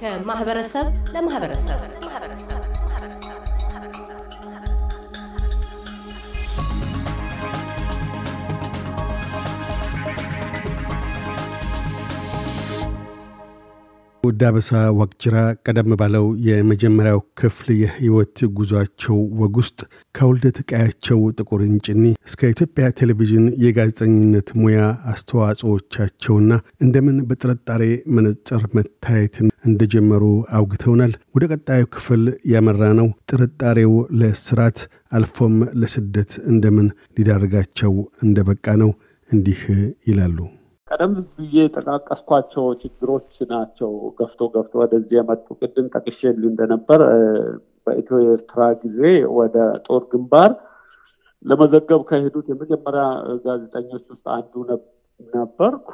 ከማህበረሰብ ለማህበረሰብ ዳበሳ ዋቅጅራ ቀደም ባለው የመጀመሪያው ክፍል የህይወት ጉዟቸው ወግ ውስጥ ከውልደት ቀያቸው ጥቁር እንጭኒ እስከ ኢትዮጵያ ቴሌቪዥን የጋዜጠኝነት ሙያ አስተዋጽኦቻቸውና እንደምን በጥርጣሬ መነጽር መታየትን እንደጀመሩ አውግተውናል። ወደ ቀጣዩ ክፍል ያመራ ነው ጥርጣሬው ለስራት አልፎም ለስደት እንደምን ሊዳርጋቸው እንደበቃ ነው። እንዲህ ይላሉ። ቀደም ብዬ የጠቃቀስኳቸው ችግሮች ናቸው ገፍቶ ገፍቶ ወደዚህ የመጡ ቅድም ጠቅሼልህ እንደነበር በኢትዮ ኤርትራ ጊዜ ወደ ጦር ግንባር ለመዘገብ ከሄዱት የመጀመሪያ ጋዜጠኞች ውስጥ አንዱ ነበርኩ።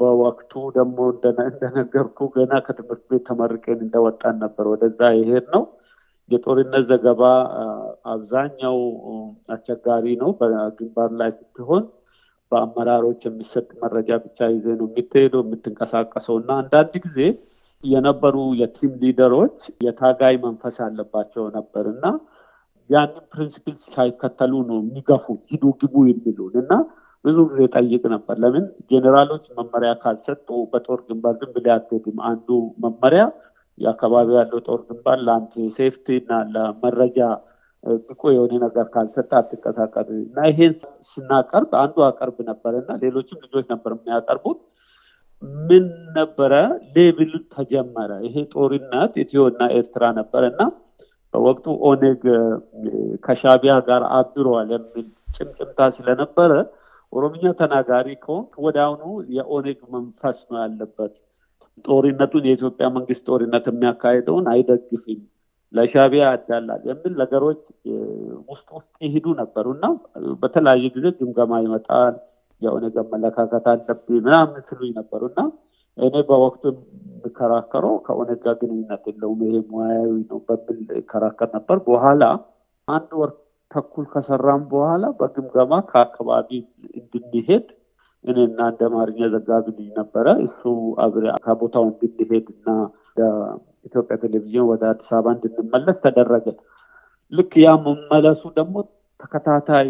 በወቅቱ ደግሞ እንደነገርኩ ገና ከትምህርት ቤት ተመርቄን እንደወጣን ነበር ወደዛ ይሄድ ነው። የጦርነት ዘገባ አብዛኛው አስቸጋሪ ነው፣ በግንባር ላይ ስትሆን በአመራሮች የሚሰጥ መረጃ ብቻ ይዘ ነው የምትሄደው የምትንቀሳቀሰው እና አንዳንድ ጊዜ የነበሩ የቲም ሊደሮች የታጋይ መንፈስ ያለባቸው ነበር እና ያንን ፕሪንስፕል ሳይከተሉ ነው የሚገፉ ሂዱ ግቡ የሚሉን እና ብዙ ጊዜ ጠይቅ ነበር። ለምን ጄኔራሎች መመሪያ ካልሰጡ በጦር ግንባር ዝም ብለህ አትሄድም። አንዱ መመሪያ የአካባቢ ያለው ጦር ግንባር ለአንተ ሴፍቲ እና ለመረጃ ብቁ የሆነ ነገር ካልሰጠ አትንቀሳቀስ እና ይሄን ስናቀርብ አንዱ አቀርብ ነበረ እና ሌሎችም ልጆች ነበር የሚያቀርቡት ምን ነበረ ሌብል ተጀመረ ይሄ ጦርነት ኢትዮና ኤርትራ ነበር እና በወቅቱ ኦኔግ ከሻቢያ ጋር አድሯል የሚል ጭምጭምታ ስለነበረ ኦሮምኛ ተናጋሪ ከሆንክ ወደ አሁኑ የኦኔግ መንፈስ ነው ያለበት ጦርነቱን የኢትዮጵያ መንግስት ጦርነት የሚያካሄደውን አይደግፍም ለሻቢያ ያዳላል የሚል ነገሮች ውስጥ ውስጥ ይሄዱ ነበሩ እና በተለያየ ጊዜ ግምገማ ይመጣል የኦነግ አመለካከት አለብኝ ምናምን ስሉኝ ነበሩ እና እኔ በወቅቱ የምከራከረው ከኦነግ ጋር ግንኙነት የለውም ይሄ ሙያዊ ነው በሚል ይከራከር ነበር። በኋላ አንድ ወር ተኩል ከሰራም በኋላ በግምገማ ከአካባቢ እንድንሄድ እኔና እንደ አማርኛ ዘጋቢ ነበረ እሱ አብሬ ከቦታው እንድንሄድ እና ኢትዮጵያ ቴሌቪዥን ወደ አዲስ አበባ እንድንመለስ ተደረገ። ልክ ያ መመለሱ ደግሞ ተከታታይ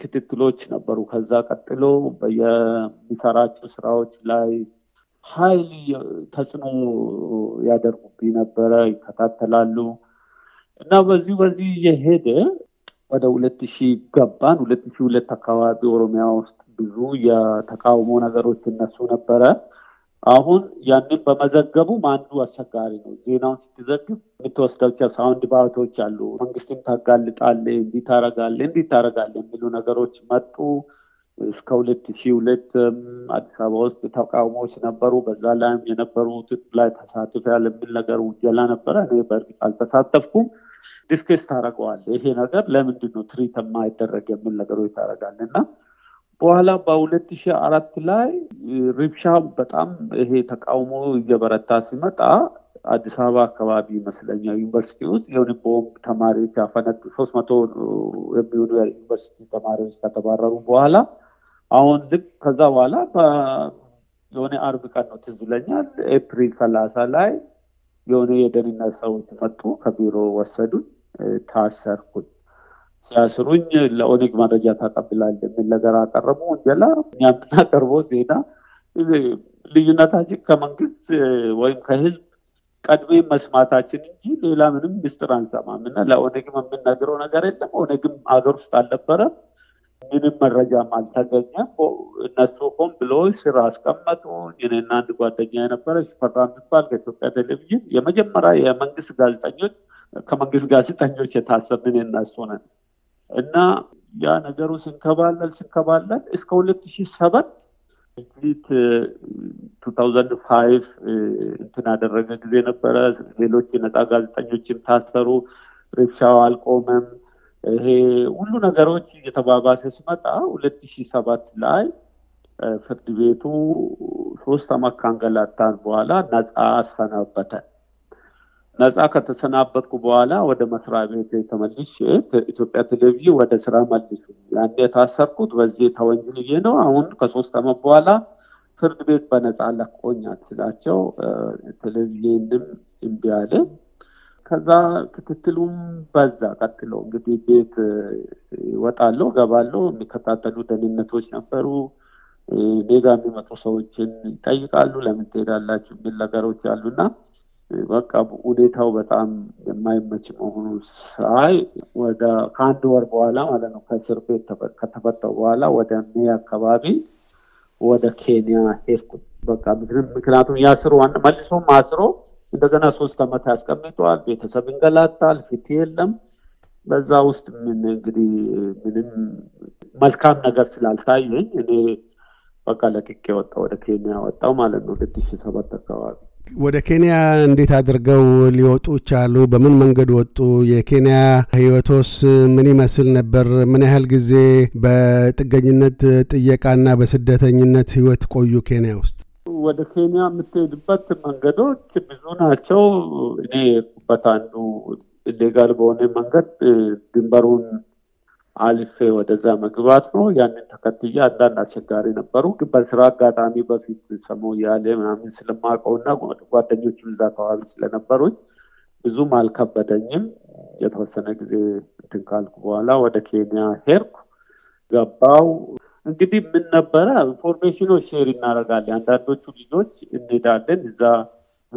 ክትትሎች ነበሩ። ከዛ ቀጥሎ በየሚሰራቸው ስራዎች ላይ ኃይል ተጽዕኖ ያደርጉብኝ ነበረ፣ ይከታተላሉ እና በዚህ በዚህ እየሄደ ወደ ሁለት ሺህ ገባን። ሁለት ሺህ ሁለት አካባቢ ኦሮሚያ ውስጥ ብዙ የተቃውሞ ነገሮች እነሱ ነበረ። አሁን ያንን በመዘገቡ አንዱ አስቸጋሪ ነው። ዜናውን ስትዘግብ የምትወስዳቸው ሳውንድ ባቶች አሉ። መንግስትን ታጋልጣለ፣ እንዲህ ታረጋለ፣ እንዲህ ታረጋለ የሚሉ ነገሮች መጡ። እስከ ሁለት ሺ ሁለት አዲስ አበባ ውስጥ ተቃውሞዎች ነበሩ። በዛ ላይም የነበሩት ላይ ተሳትፍ ያለ የሚል ነገር ውጀላ ነበረ። እኔ በእርግጥ አልተሳተፍኩም። ዲስክስ ታረገዋል። ይሄ ነገር ለምንድን ነው ትሪት የማይደረግ የሚል ነገሮች ታረጋል እና በኋላ በሁለት ሺ አራት ላይ ሪብሻ በጣም ይሄ ተቃውሞ እየበረታ ሲመጣ አዲስ አበባ አካባቢ ይመስለኛል ዩኒቨርሲቲ ውስጥ የሆነ ቦምብ ተማሪዎች ያፈነዱ ሶስት መቶ የሚሆኑ ዩኒቨርሲቲ ተማሪዎች ከተባረሩ በኋላ አሁን ልክ ከዛ በኋላ የሆነ አርብ ቀን ነው ትዝ ይለኛል ኤፕሪል ሰላሳ ላይ የሆነ የደህንነት ሰዎች መጡ ከቢሮ ወሰዱን ታሰርኩኝ ሲያስሩኝ ለኦነግ መረጃ ታቀብላል የሚል ነገር አቀረቡ። ወንጀላ እኛም አቀርቦ ዜና ልዩነታችን ከመንግስት ወይም ከህዝብ ቀድሜ መስማታችን እንጂ ሌላ ምንም ምስጢር አንሰማም እና ለኦነግም የምንነግረው ነገር የለም። ኦነግም ሀገር ውስጥ አልነበረም። ምንም መረጃም አልተገኘም። እነሱ ሆን ብሎ ስራ አስቀመጡ። እኔና አንድ ጓደኛ የነበረ ሽፈራ የሚባል ከኢትዮጵያ ቴሌቪዥን የመጀመሪያ የመንግስት ጋዜጠኞች ከመንግስት ጋዜጠኞች የታሰብን እነሱ ነን። እና ያ ነገሩ ስንከባለል ስንከባለል እስከ ሁለት ሺ ሰባት ት ቱ ታውዘንድ ፋይቭ እንትን ያደረገ ጊዜ ነበረ። ሌሎች የነጻ ጋዜጠኞችም ታሰሩ። ሪክሻው አልቆመም። ይሄ ሁሉ ነገሮች እየተባባሰ ሲመጣ ሁለት ሺ ሰባት ላይ ፍርድ ቤቱ ሶስት አመት ካንገላታን በኋላ ነጻ አሰናበተን። ነፃ ከተሰናበትኩ በኋላ ወደ መስሪያ ቤት ተመልሼ ኢትዮጵያ ቴሌቪዥን ወደ ስራ መልሱ። ያን የታሰርኩት በዚህ ተወንጅልዬ ነው። አሁን ከሶስት አመት በኋላ ፍርድ ቤት በነፃ ለቆኛ ስላቸው ቴሌቪዥንም እምቢ አለ። ከዛ ክትትሉም በዛ ቀጥሎ እንግዲህ ቤት ይወጣለሁ ገባለሁ። የሚከታተሉ ደህንነቶች ነበሩ። ኔጋ የሚመጡ ሰዎችን ይጠይቃሉ። ለምን ትሄዳላችሁ የሚል ነገሮች አሉና በቃ ሁኔታው በጣም የማይመች መሆኑ ሳይ ወደ ከአንድ ወር በኋላ ማለት ነው ከእስር ቤት ከተፈታሁ በኋላ ወደ ሜይ አካባቢ ወደ ኬንያ ሄድኩ በቃ ምክንያቱም ያስሮ ዋ መልሶም አስሮ እንደገና ሶስት ዓመት ያስቀምጠዋል። ቤተሰብ እንገላታል ፊት የለም። በዛ ውስጥ ምን እንግዲህ ምንም መልካም ነገር ስላልታየኝ እኔ በቃ ለቅቄ ወጣ ወደ ኬንያ ወጣው ማለት ነው ሁለት ሺህ ሰባት አካባቢ ወደ ኬንያ እንዴት አድርገው ሊወጡ ቻሉ? በምን መንገድ ወጡ? የኬንያ ህይወቶስ ምን ይመስል ነበር? ምን ያህል ጊዜ በጥገኝነት ጥየቃና በስደተኝነት ህይወት ቆዩ ኬንያ ውስጥ? ወደ ኬንያ የምትሄድበት መንገዶች ብዙ ናቸው። እኔ በት አንዱ ኢሌጋል በሆነ መንገድ ድንበሩን አልፌ ወደዛ መግባት ነው። ያንን ተከትዬ አንዳንድ አስቸጋሪ ነበሩ። በስራ አጋጣሚ በፊት ሰሞ ያለ ምናምን ስለማውቀው እና ጓደኞች እዛ አካባቢ ስለነበሩኝ ብዙም አልከበደኝም። የተወሰነ ጊዜ እንትን ካልኩ በኋላ ወደ ኬንያ ሄድኩ ገባው። እንግዲህ ምን ነበረ ኢንፎርሜሽኖች ሼር እናደርጋለን። አንዳንዶቹ ልጆች እንሄዳለን እዛ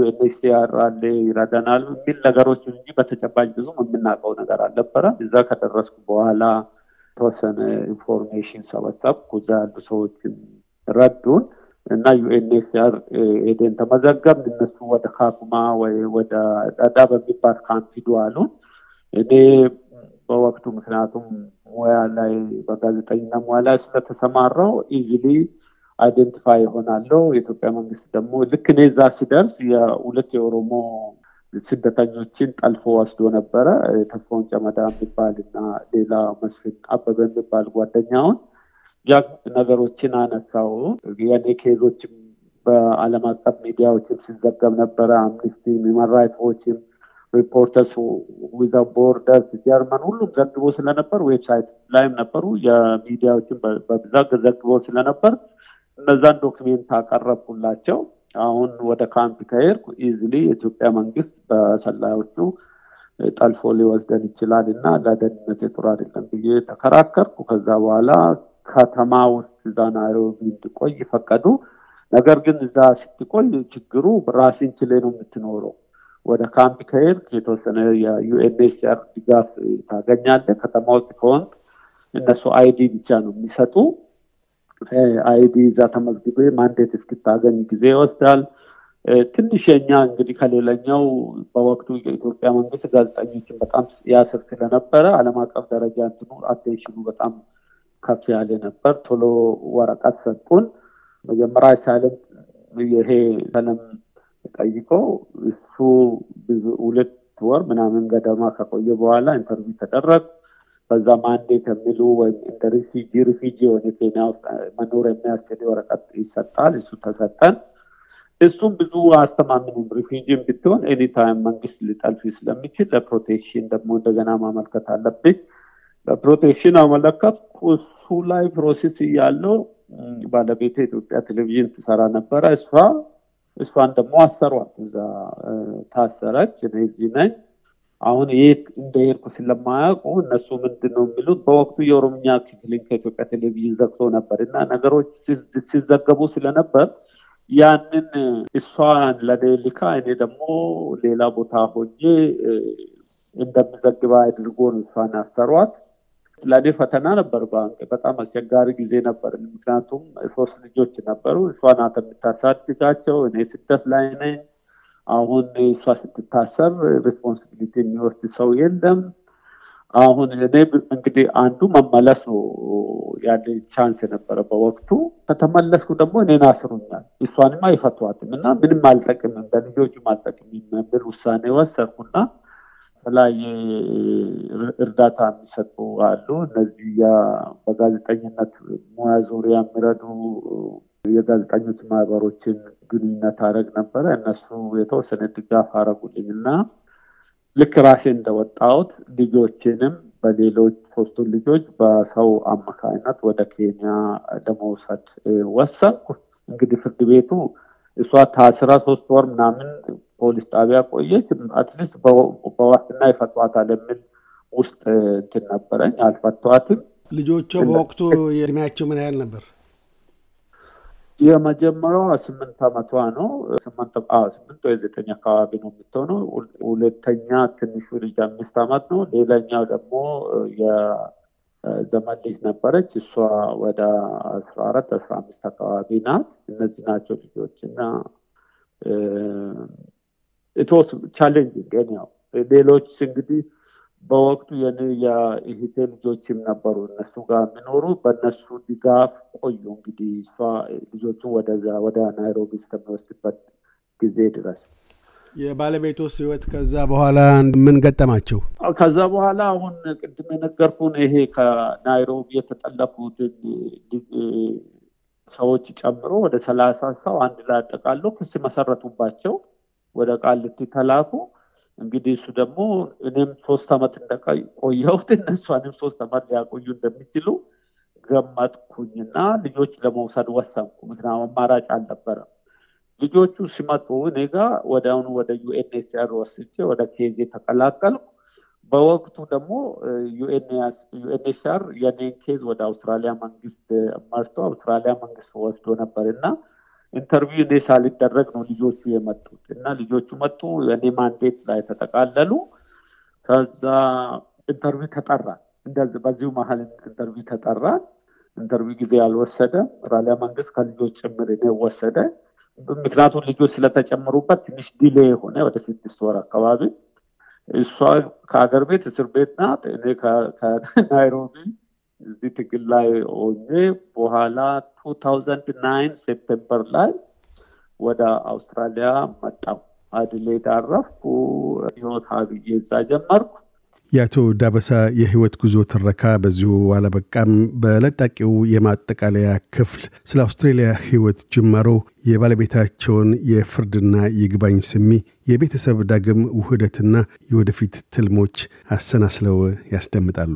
ኤንኤችሲአር አለ ይረዳናል የሚል ነገሮች እንጂ በተጨባጭ ብዙም የምናውቀው ነገር አልነበረ። እዛ ከደረስኩ በኋላ ተወሰነ ኢንፎርሜሽን ሰበሰብኩ። እዛ ያሉ ሰዎችን ረዱን እና ዩኤንኤችሲአር ኤደን ተመዘገብ። እነሱ ወደ ካኩማ ወይ ወደ ዳዳ በሚባል ካምፕ ሂዱ አሉን። እኔ በወቅቱ ምክንያቱም ሙያ ላይ በጋዜጠኝና ሙያ ላይ ስለተሰማራው ኢዚሊ አይደንቲፋይ ይሆናለው። የኢትዮጵያ መንግስት ደግሞ ልክ እኔ እዛ ሲደርስ የሁለት የኦሮሞ ስደተኞችን ጠልፎ ወስዶ ነበረ። ተስፋውን ጨመዳ የሚባል እና ሌላ መስፍን አበበ የሚባል ጓደኛውን ያ ነገሮችን አነሳው። የኔ ኬዞችም በዓለም አቀፍ ሚዲያዎችም ሲዘገብ ነበረ። አምኒስቲ፣ ሂውማን ራይትስ ዎችም፣ ሪፖርተርስ ዊዛውት ቦርደርስ፣ ጀርመን ሁሉም ዘግቦ ስለነበር ዌብሳይት ላይም ነበሩ። የሚዲያዎችን በብዛት ዘግቦ ስለነበር እነዛን ዶክሜንት አቀረብኩላቸው። አሁን ወደ ካምፕ ከሄድኩ ኢዝሊ የኢትዮጵያ መንግስት በሰላዮቹ ጠልፎ ሊወስደን ይችላል እና ለደህንነት ጥሩ አይደለም ብዬ ተከራከርኩ። ከዛ በኋላ ከተማ ውስጥ እዛ ናይሮቢ እንድቆይ ነገር ግን እዛ ስትቆይ ችግሩ ራስን ችሌ ነው የምትኖረው። ወደ ካምፕ ከሄድ የተወሰነ የዩኤንኤችሲአር ድጋፍ ታገኛለ ከተማ ውስጥ ከሆንክ እነሱ አይዲ ብቻ ነው የሚሰጡ። አይዲ ዛ ተመዝግቤ ማንዴት እስክታገኝ ጊዜ ይወስዳል። ትንሽ የኛ እንግዲህ ከሌላኛው በወቅቱ የኢትዮጵያ መንግስት ጋዜጠኞችን በጣም ያስር ስለነበረ አለም አቀፍ ደረጃ እንትኑ አቴንሽኑ በጣም ከፍ ያለ ነበር። ቶሎ ወረቀት ሰጡን። መጀመሪያ ሳለም ይሄ ሰለም ጠይቆ እሱ ብዙ ሁለት ወር ምናምን ገደማ ከቆየ በኋላ ኢንተርቪው ተደረግ በዛ ማንዴት የሚሉ ወይም እንደ ሪፊጂ ሪፊጂ የሆነ ኬንያ ውስጥ መኖር የሚያስችል ወረቀት ይሰጣል። እሱ ተሰጠን። እሱም ብዙ አስተማምኑም ሪፊጂም ብትሆን ኤኒታይም መንግስት ሊጠልፍ ስለሚችል ለፕሮቴክሽን ደግሞ እንደገና ማመልከት አለብኝ። ለፕሮቴክሽን አመለከት እሱ ላይ ፕሮሴስ እያለው ባለቤት ኢትዮጵያ ቴሌቪዥን ትሰራ ነበረ። እሷ እሷን ደግሞ አሰሯት። እዛ ታሰረች። እኔ እዚህ ነኝ። አሁን የት እንደሄድኩ ስለማያውቁ እነሱ ምንድን ነው የሚሉት በወቅቱ የኦሮምኛ ክፍልን ከኢትዮጵያ ቴሌቪዥን ዘግቶ ነበር እና ነገሮች ሲዘገቡ ስለነበር ያንን እሷን ለደልካ እኔ ደግሞ ሌላ ቦታ ሆኜ እንደምዘግባ አድርጎን እሷን ያሰሯት ለእኔ ፈተና ነበር። ባንክ በጣም አስቸጋሪ ጊዜ ነበር። ምክንያቱም ሶስት ልጆች ነበሩ። እሷ ናት የምታሳድጋቸው። እኔ ስደት ላይ ነኝ። አሁን እሷ ስትታሰር ሬስፖንሲቢሊቲ የሚወርድ ሰው የለም። አሁን እኔ እንግዲህ አንዱ መመለስ ነው ያለ ቻንስ የነበረ በወቅቱ ከተመለስኩ ደግሞ እኔን አስሩኛል፣ እሷንም አይፈቷትም እና ምንም አልጠቅምም፣ በልጆች አልጠቅም የሚል ውሳኔ ወሰድኩና የተለያየ እርዳታ የሚሰጡ አሉ። እነዚህ በጋዜጠኝነት ሙያ ዙሪያ የሚረዱ የጋዜጠኞች ማህበሮችን ግንኙነት አደረግ ነበረ። እነሱ የተወሰነ ድጋፍ አረጉልኝ እና ልክ ራሴ እንደወጣሁት ልጆችንም በሌሎች ሶስቱን ልጆች በሰው አማካኝነት ወደ ኬንያ ለመውሰድ ወሰንኩ። እንግዲህ ፍርድ ቤቱ እሷ ታስራ ሶስት ወር ምናምን ፖሊስ ጣቢያ ቆየች። አትሊስት በዋስትና ይፈቷታል የሚል ውስጥ እንትን ነበረኝ። አልፈቷትም። ልጆቹ በወቅቱ የእድሜያቸው ምን ያህል ነበር? የመጀመሪያዋ ስምንት አመቷ ነው። ስምንት ወይ ዘጠኝ አካባቢ ነው የምትሆነው። ሁለተኛ ትንሹ ልጅ አምስት አመት ነው። ሌላኛው ደግሞ የዘመን ልጅ ነበረች። እሷ ወደ አስራ አራት አስራ አምስት አካባቢ ናት። እነዚህ ናቸው ልጆች እና ኢትስ ቻሌንጅ ያው ሌሎች እንግዲህ በወቅቱ የእህቴ ልጆችም ነበሩ እነሱ ጋር የሚኖሩ በእነሱ ድጋፍ ቆዩ። እንግዲህ እሷ ልጆቹን ወደዛ ወደ ናይሮቢ እስከሚወስድበት ጊዜ ድረስ የባለቤቱስ ህይወት ከዛ በኋላ ምን ገጠማቸው? ከዛ በኋላ አሁን ቅድም የነገርኩን ይሄ ከናይሮቢ የተጠለፉትን ሰዎች ጨምሮ ወደ ሰላሳ ሰው አንድ ላይ አጠቃለው ክስ መሰረቱባቸው። ወደ ቃልቲ ተላኩ። እንግዲህ እሱ ደግሞ እኔም ሶስት ዓመት እንደቆየሁት እነሷንም ሶስት አመት ሊያቆዩ እንደሚችሉ ገመጥኩኝና ልጆች ለመውሰድ ወሰንኩ። ምክንያቱም አማራጭ አልነበረም። ልጆቹ ሲመጡ እኔ ጋ ወደ አሁኑ ወደ ዩኤንኤችአር ወስጄ ወደ ኬዚ ተቀላቀልኩ። በወቅቱ ደግሞ ዩኤንኤችአር የኔን ኬዝ ወደ አውስትራሊያ መንግስት መርቶ አውስትራሊያ መንግስት ወስዶ ነበር እና ኢንተርቪው እኔ ሳልደረግ ነው ልጆቹ የመጡት እና ልጆቹ መጡ። እኔ ማንዴት ላይ ተጠቃለሉ። ከዛ ኢንተርቪው ተጠራ። እንደዚህ በዚሁ መሀል ኢንተርቪው ተጠራ። ኢንተርቪው ጊዜ አልወሰደም። ራሊያ መንግስት ከልጆች ጭምር እኔ ወሰደ። ምክንያቱም ልጆች ስለተጨመሩበት ትንሽ ዲሌ የሆነ ወደ ስድስት ወር አካባቢ እሷ ከሀገር ቤት እስር ቤት ናት። እኔ ከናይሮቢ እዚህ ትግል ላይ ሆኜ በኋላ ቱ ታውዘንድ ናይን ሴፕቴምበር ላይ ወደ አውስትራሊያ መጣሁ። አድሌድ አረፍኩ። ህይወት ሀብዬ እዛ ጀመርኩ። የአቶ ዳበሳ የህይወት ጉዞ ትረካ በዚሁ አለበቃም በለጣቂው የማጠቃለያ ክፍል ስለ አውስትሬልያ ህይወት ጅማሮ የባለቤታቸውን የፍርድና የግባኝ ስሚ፣ የቤተሰብ ዳግም ውህደትና የወደፊት ትልሞች አሰናስለው ያስደምጣሉ።